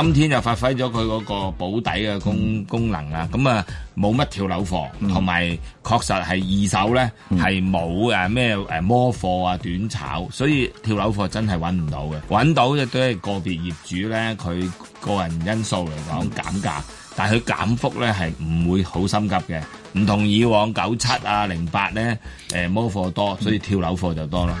今天就發揮咗佢嗰個保底嘅功功能啦，咁啊冇乜跳樓貨，同、嗯、埋確實係二手呢，係冇咩摩貨啊短炒，所以跳樓貨真係揾唔到嘅，揾到嘅都係個別業主呢，佢個人因素嚟講減價，嗯、但佢減幅呢係唔會好心急嘅，唔同以往九七啊零八呢，摩、欸、貨多，所以跳樓貨就多啦